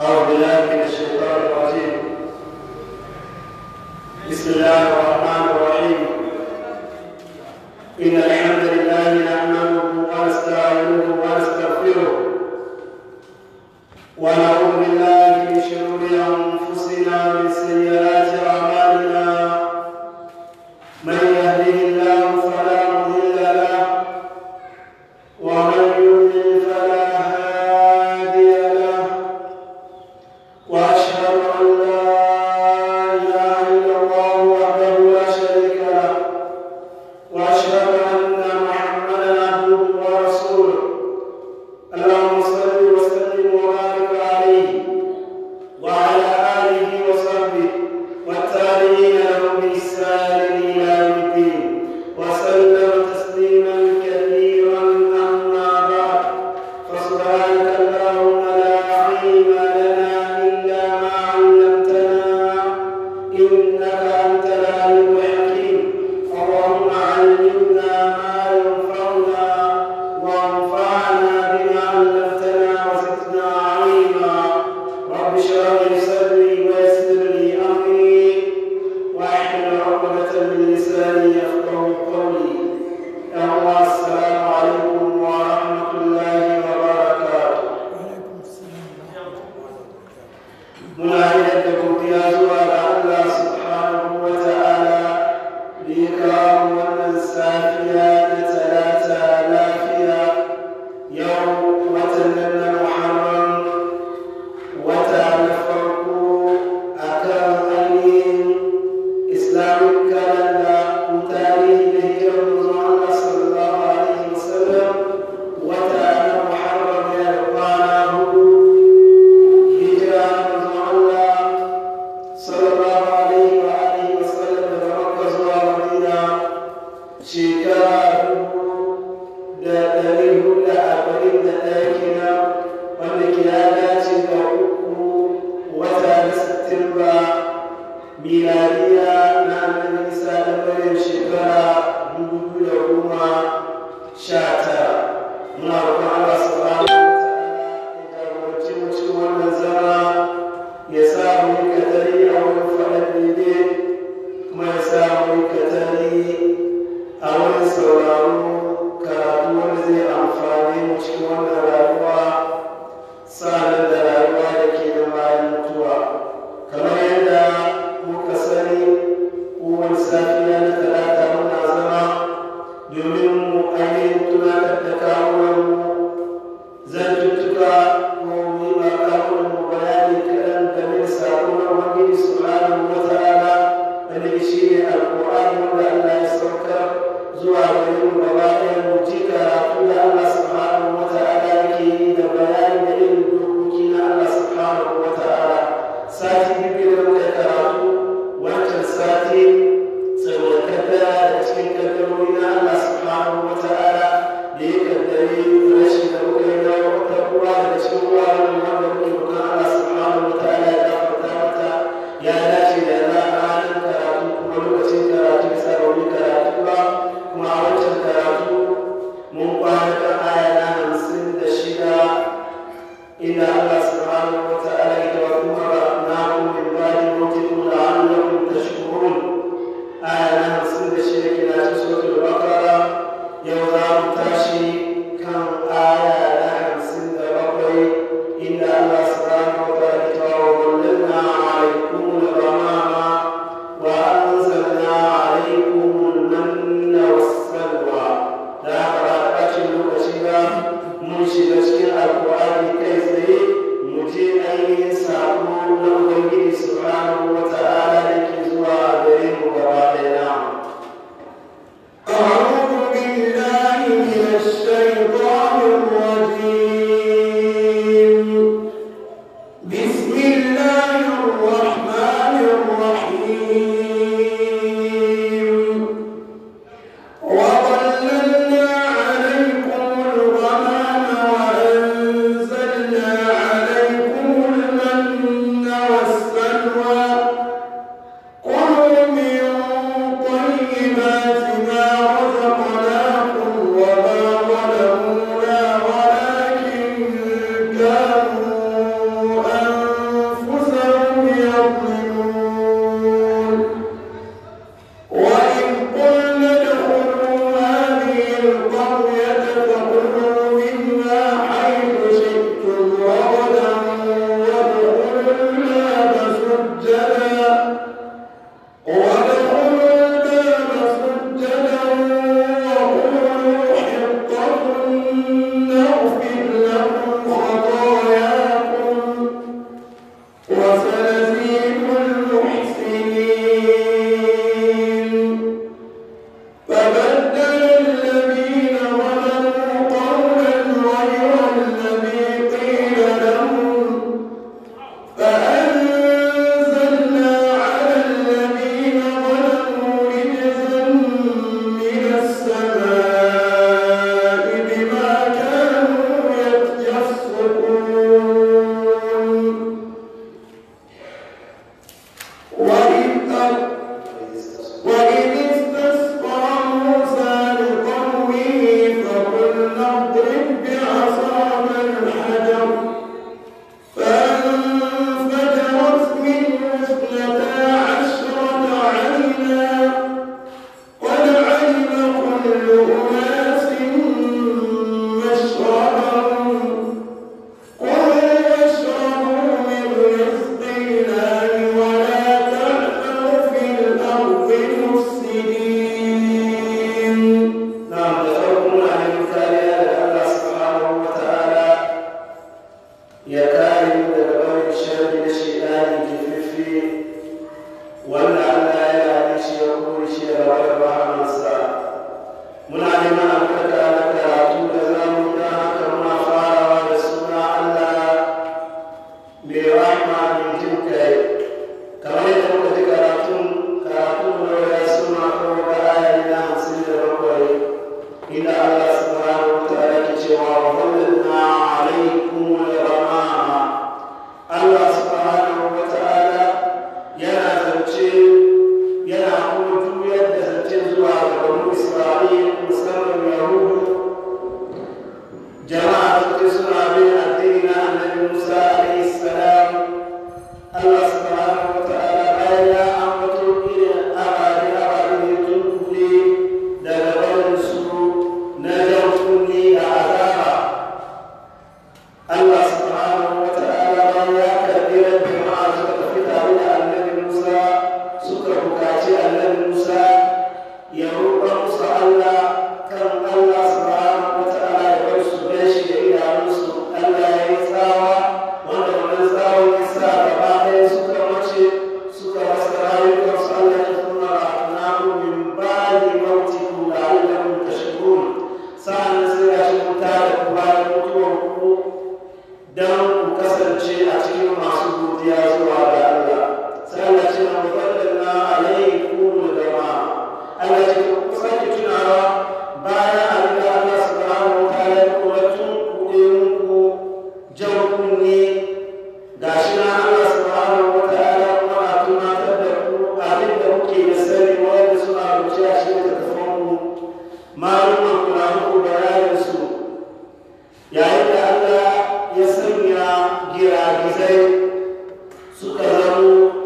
أو بالله Mulai dari kebuktian dua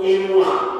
我。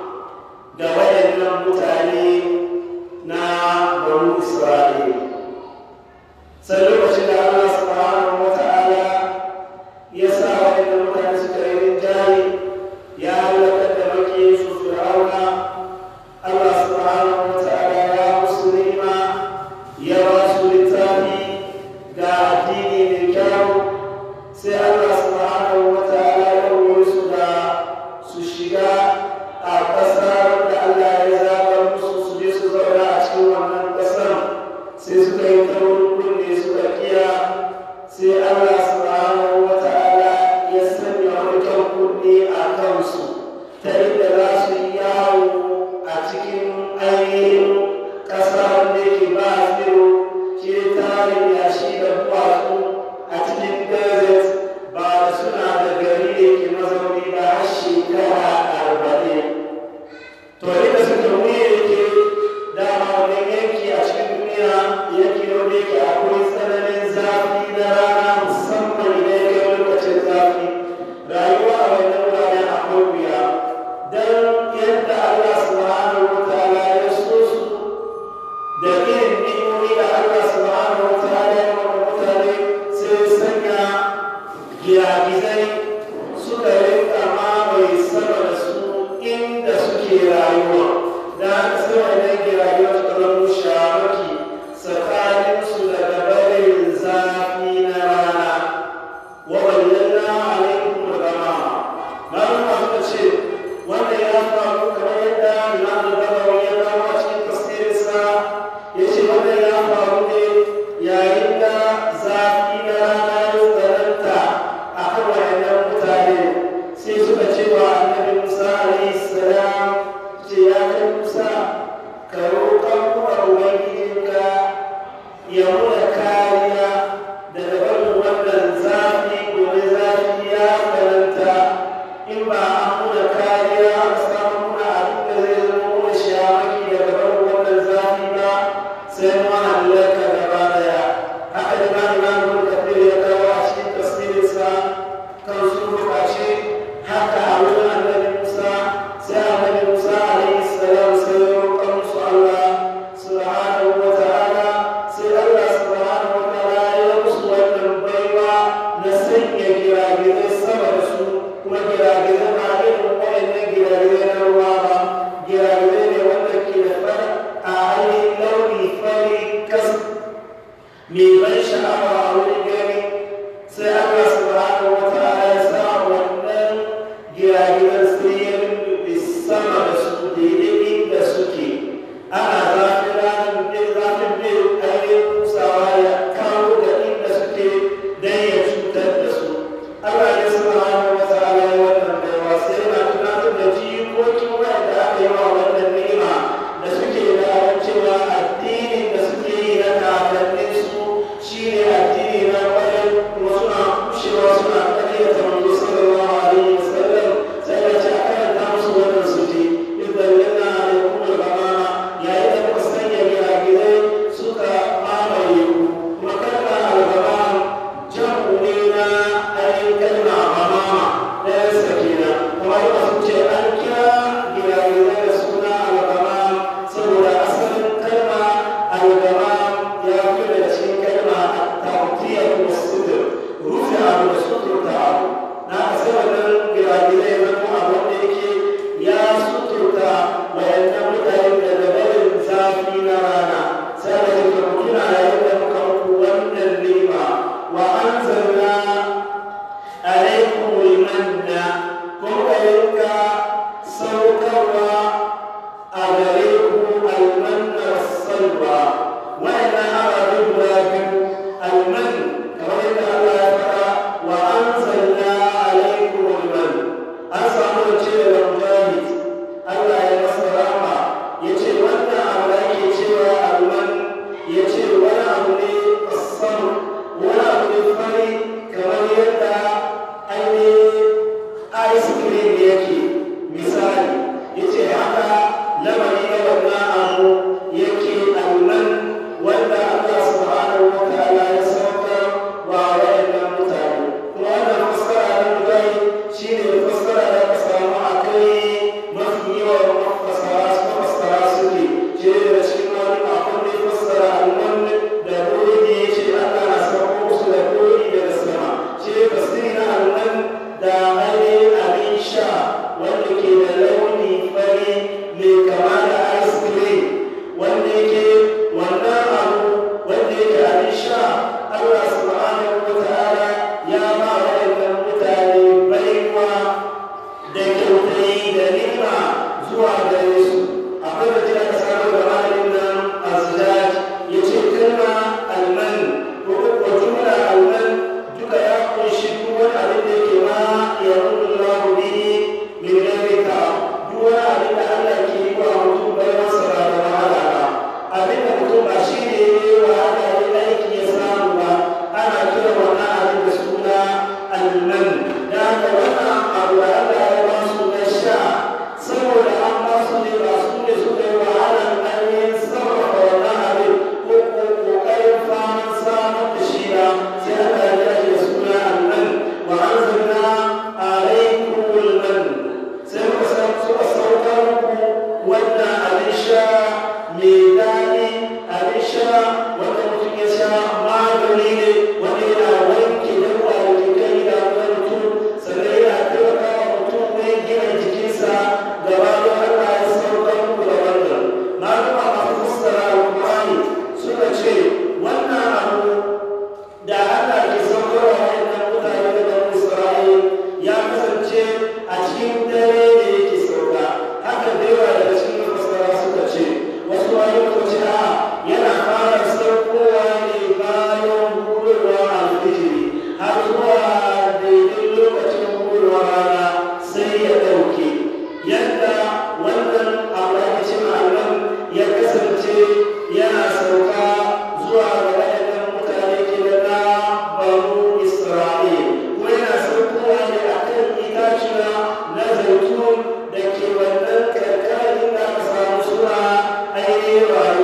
Deus.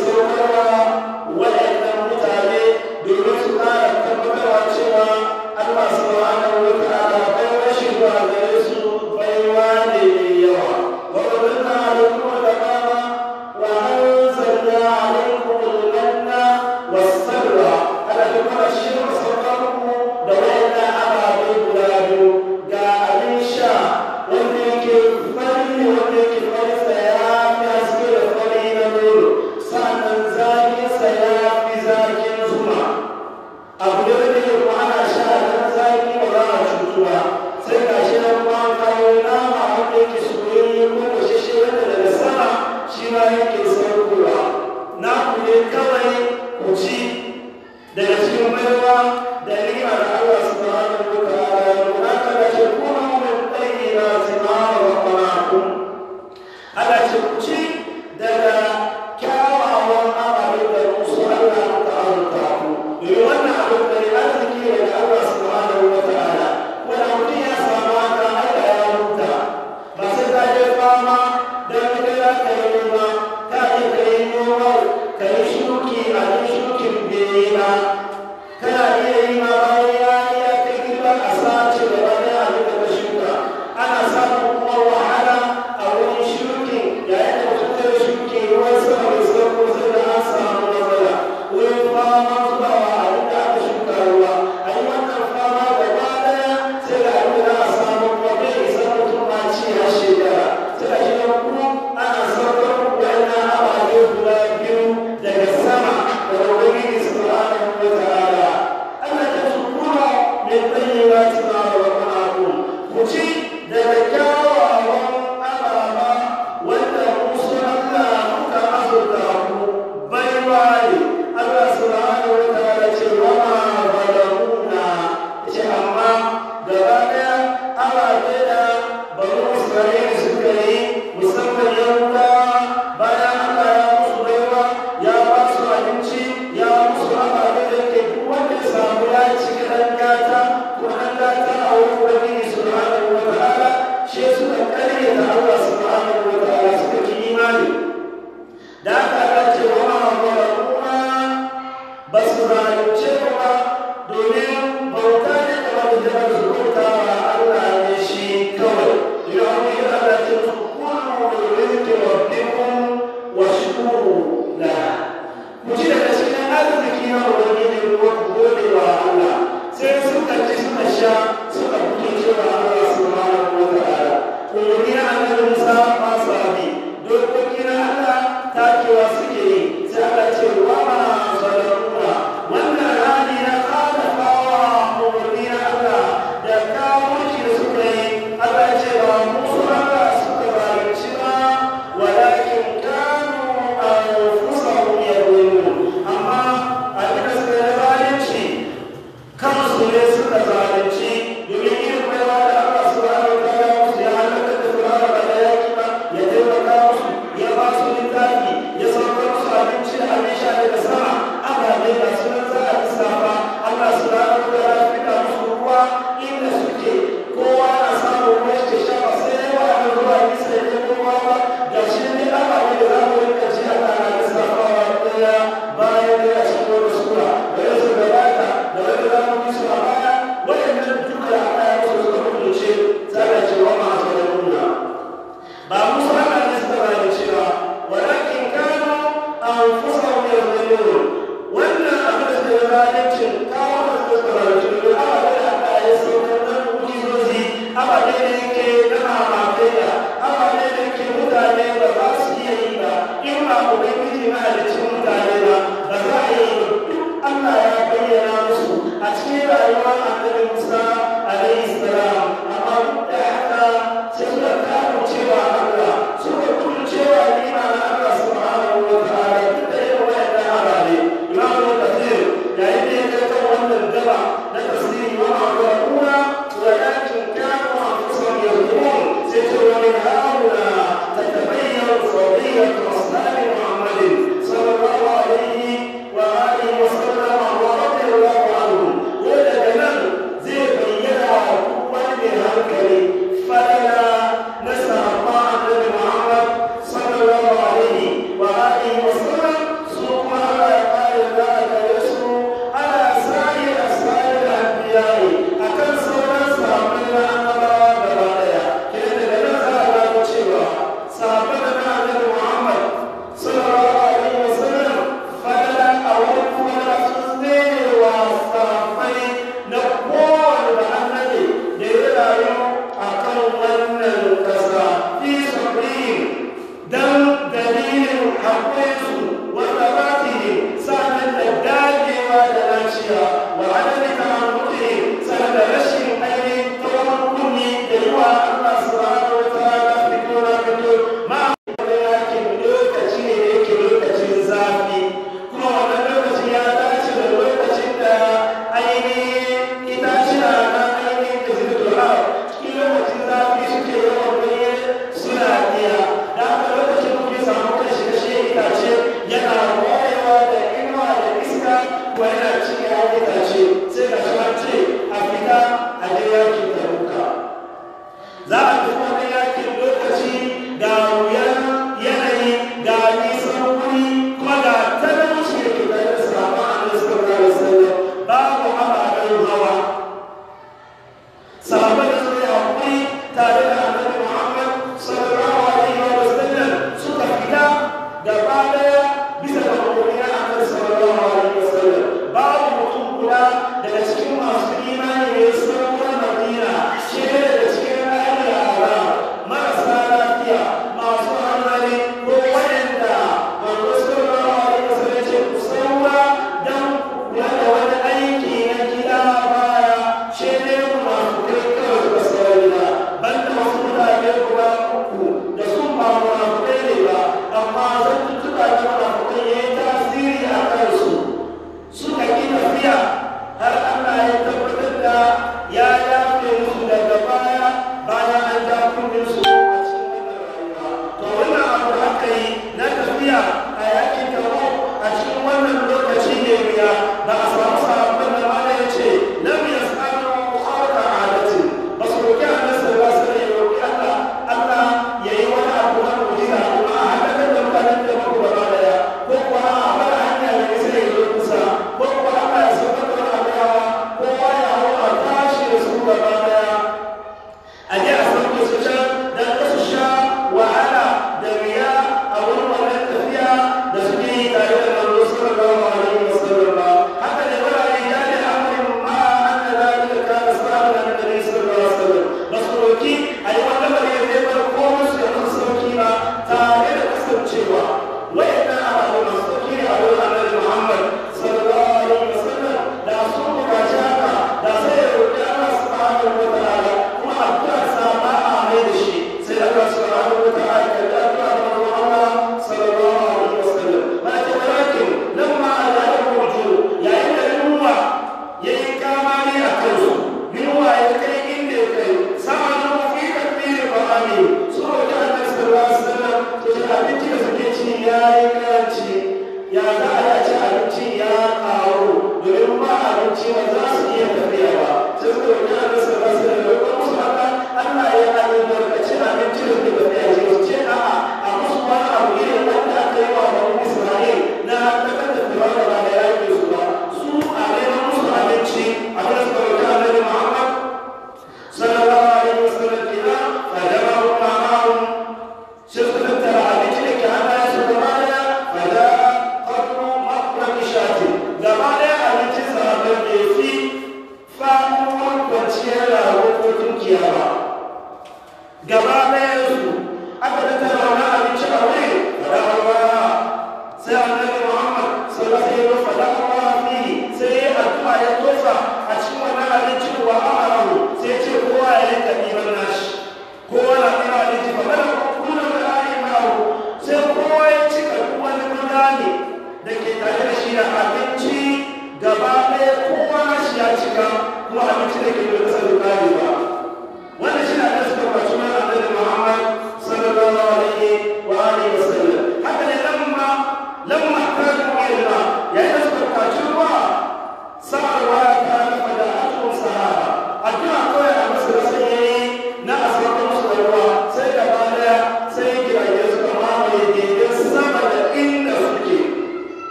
Well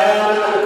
Amen.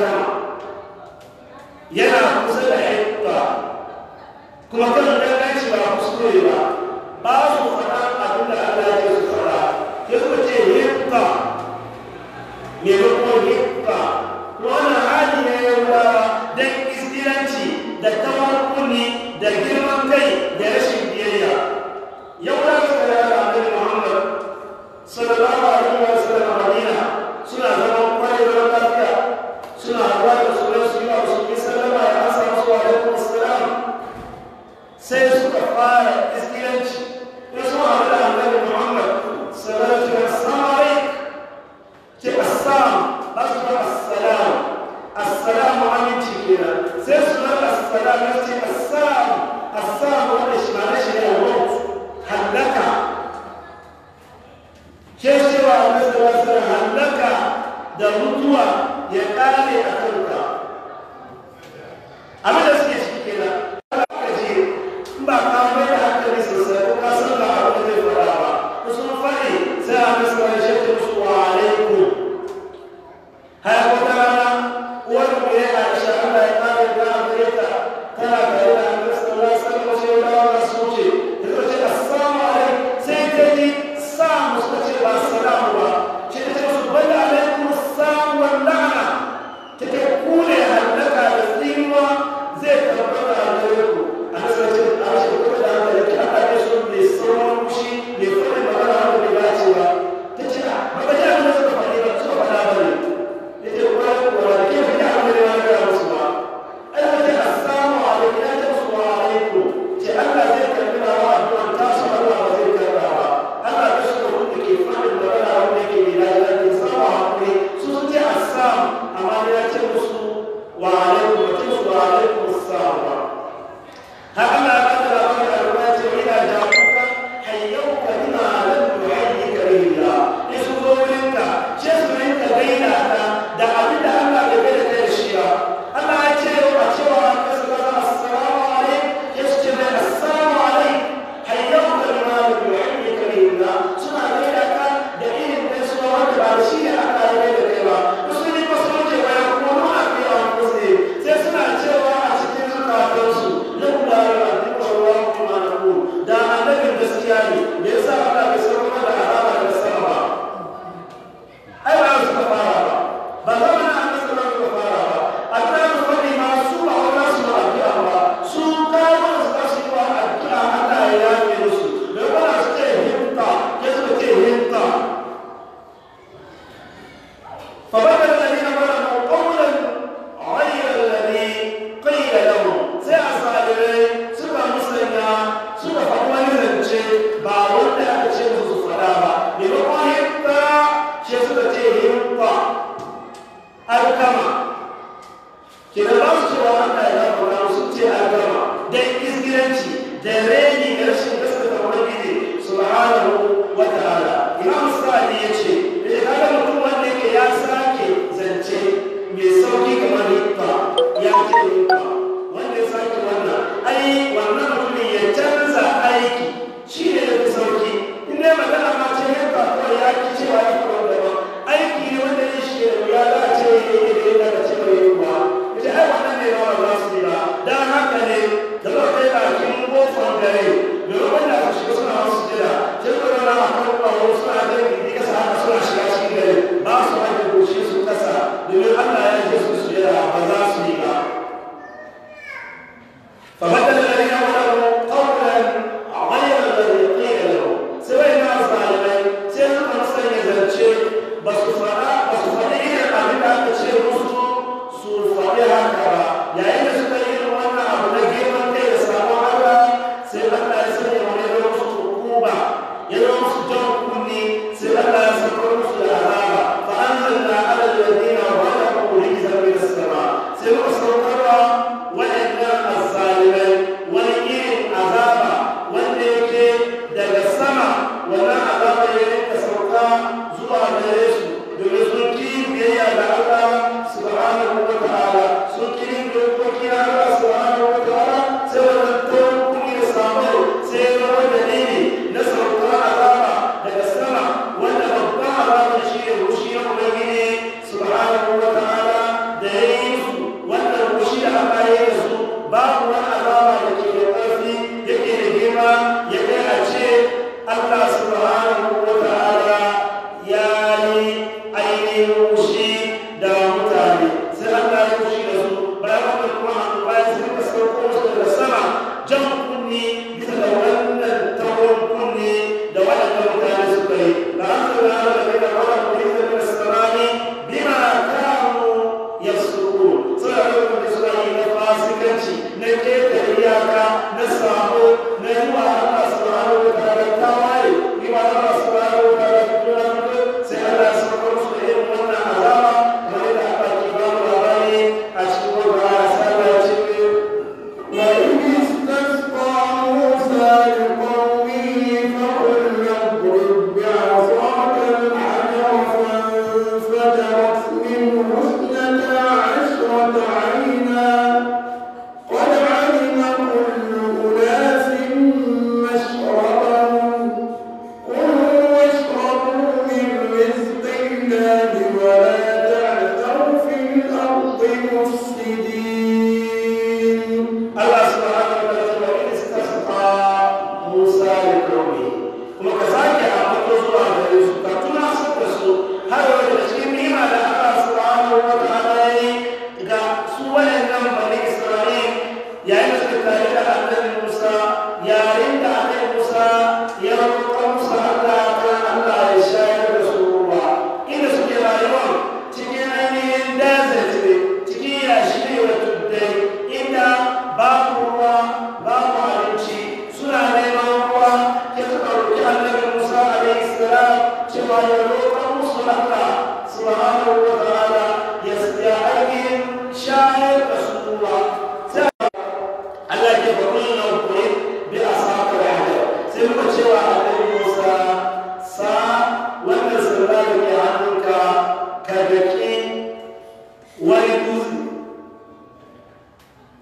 سير ودليل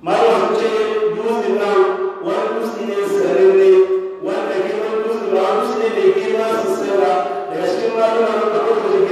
malam ce dutsen nan wani ne wanda girman dutsen ba dutse ne mai da cikin malunan da kuma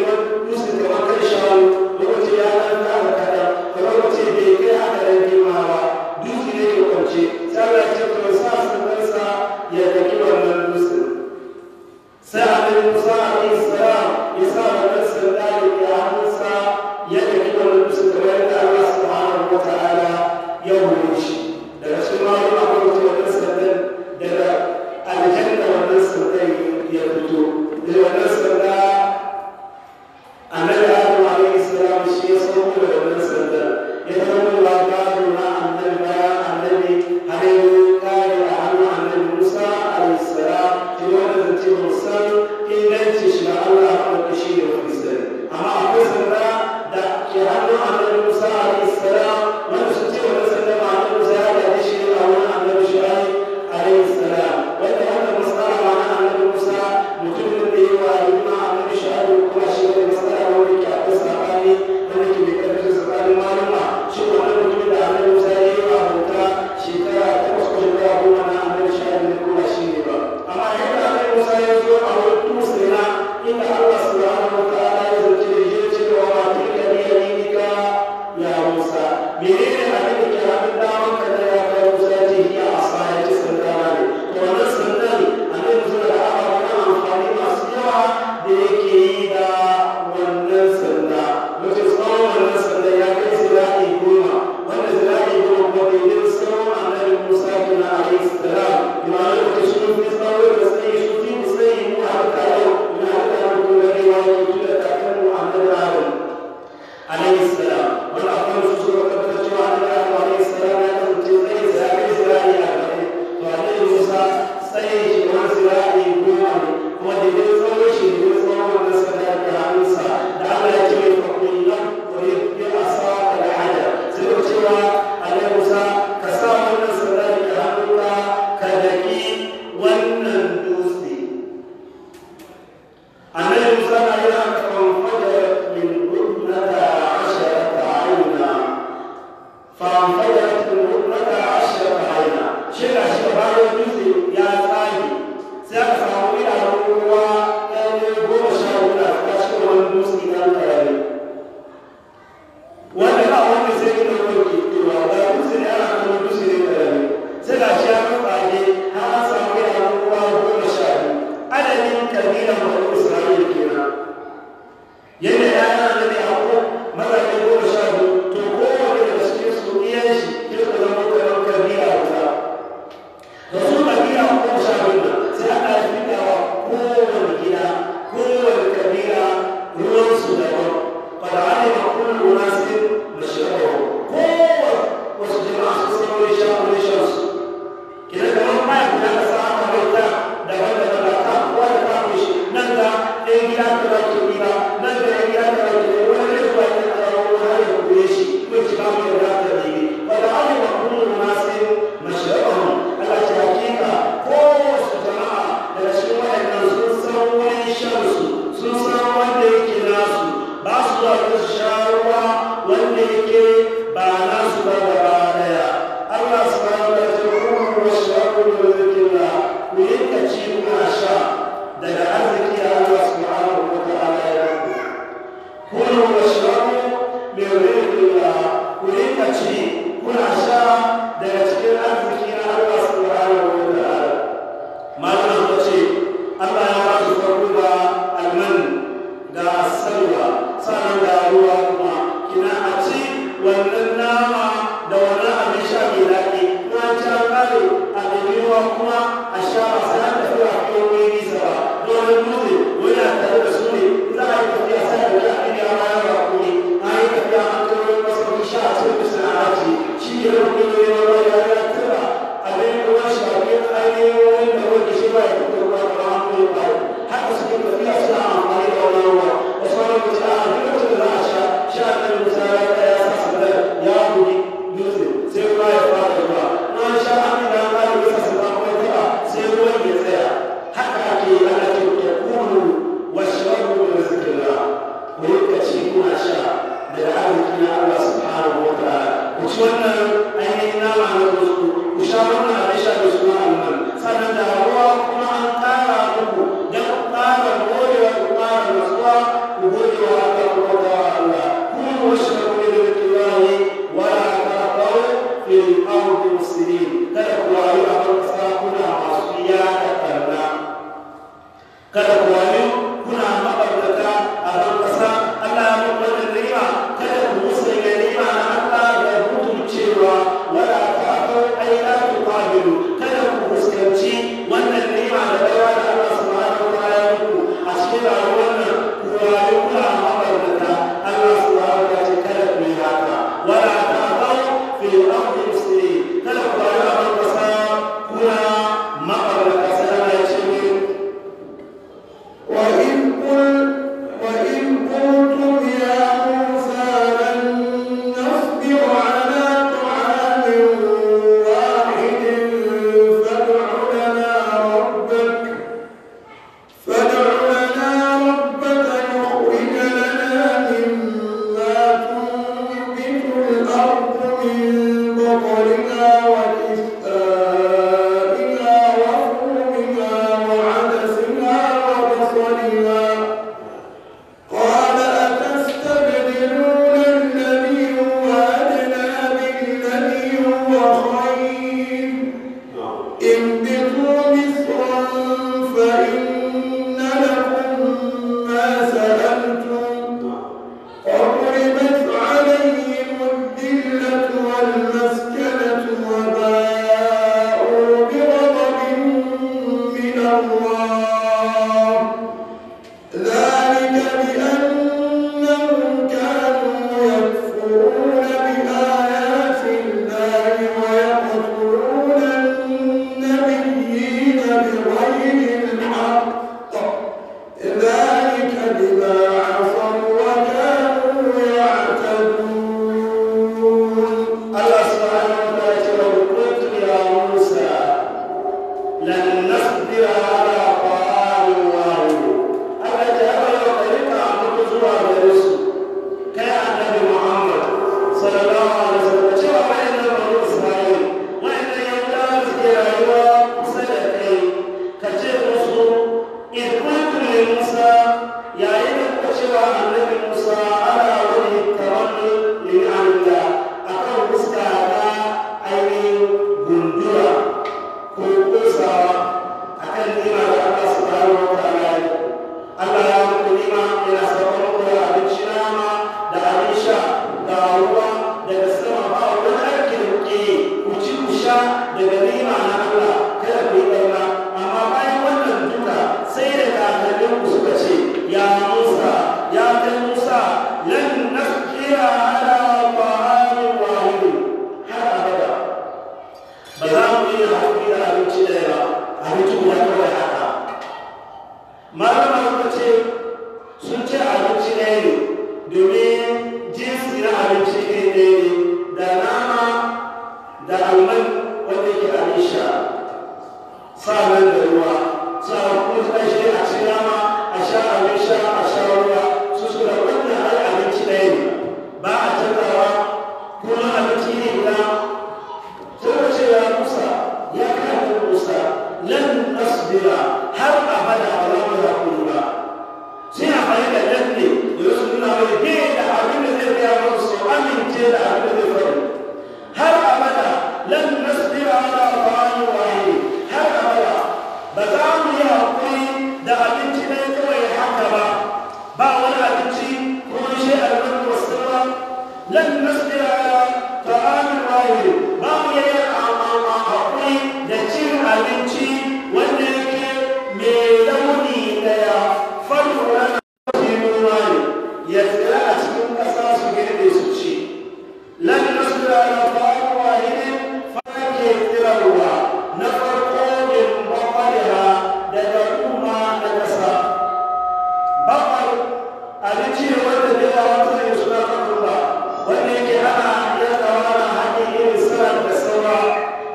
ya hana ya tsawara hanyar yin sa'ar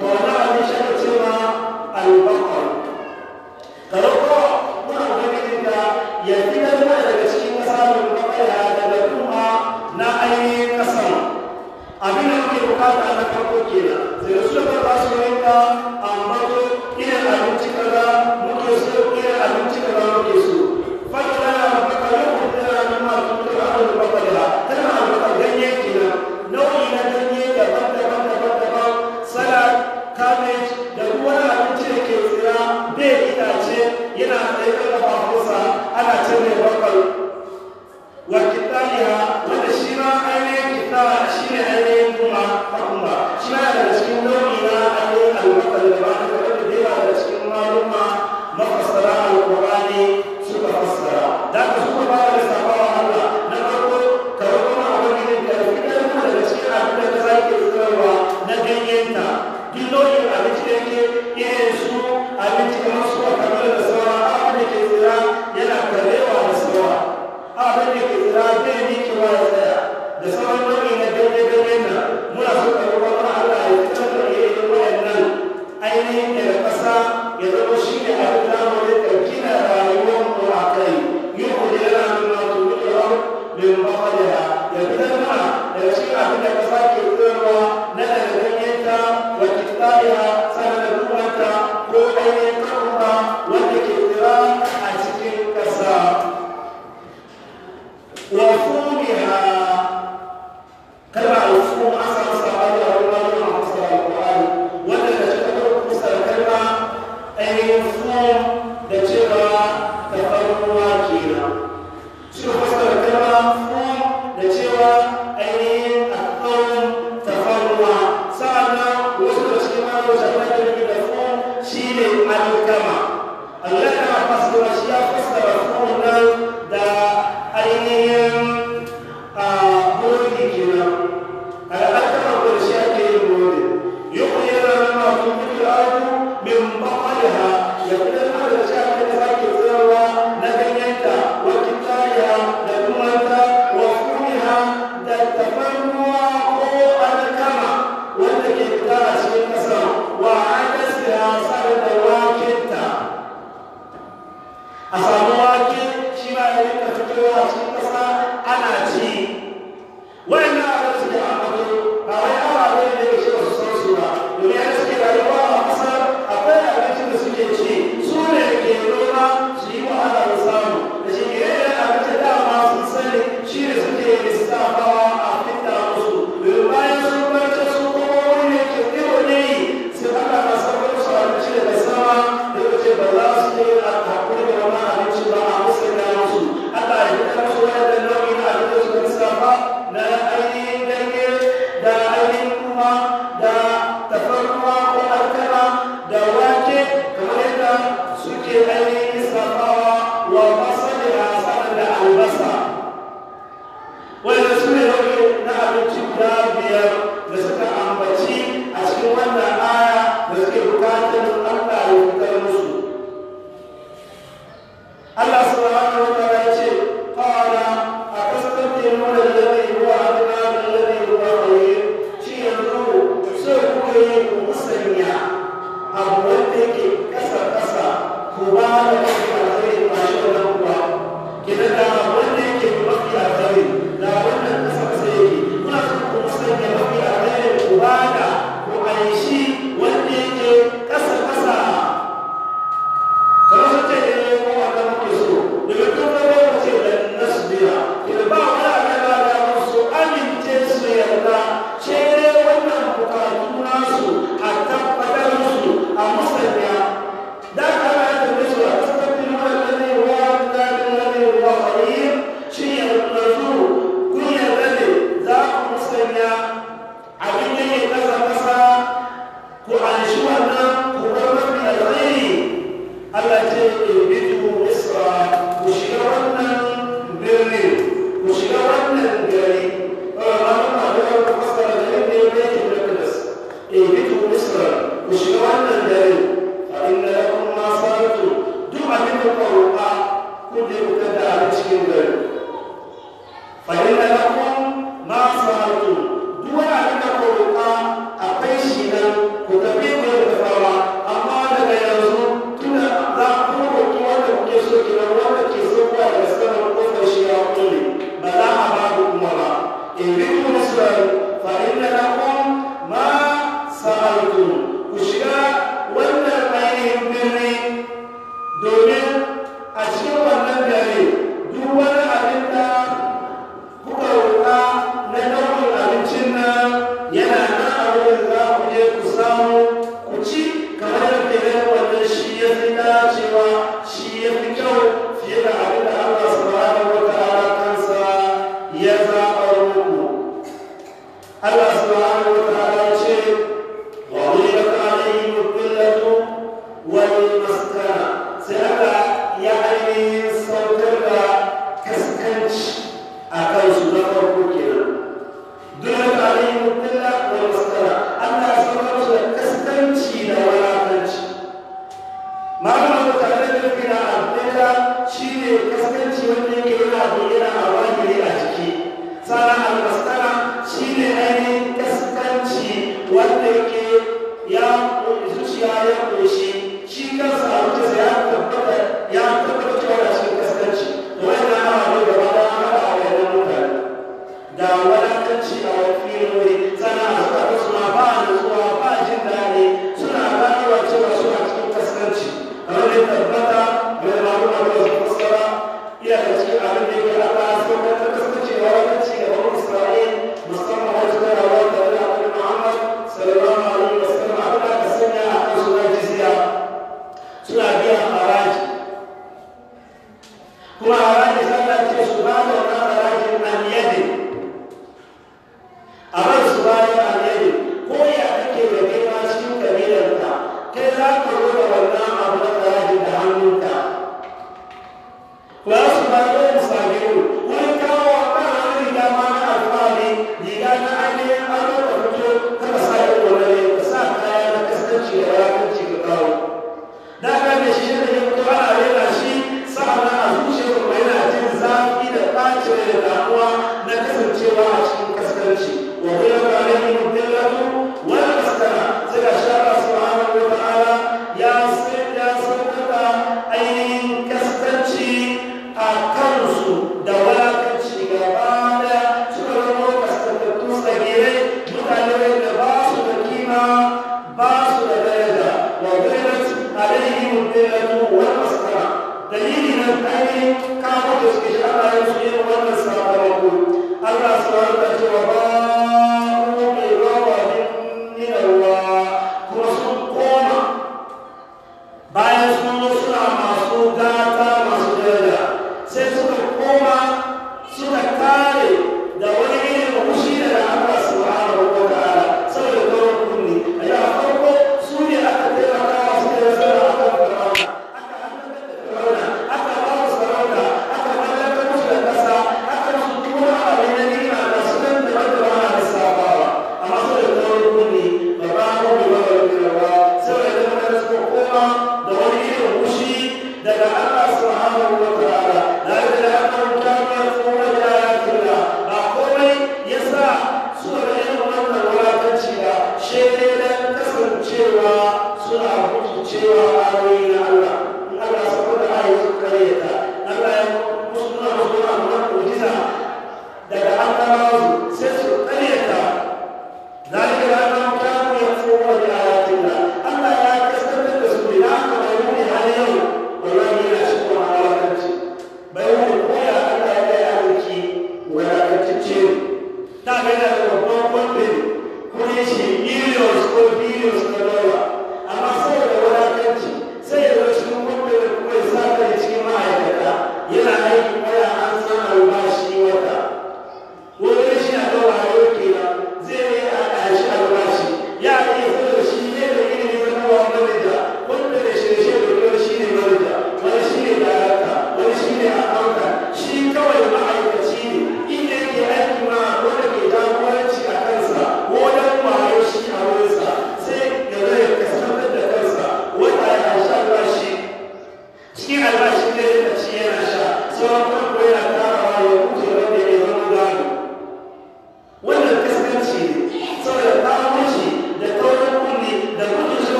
da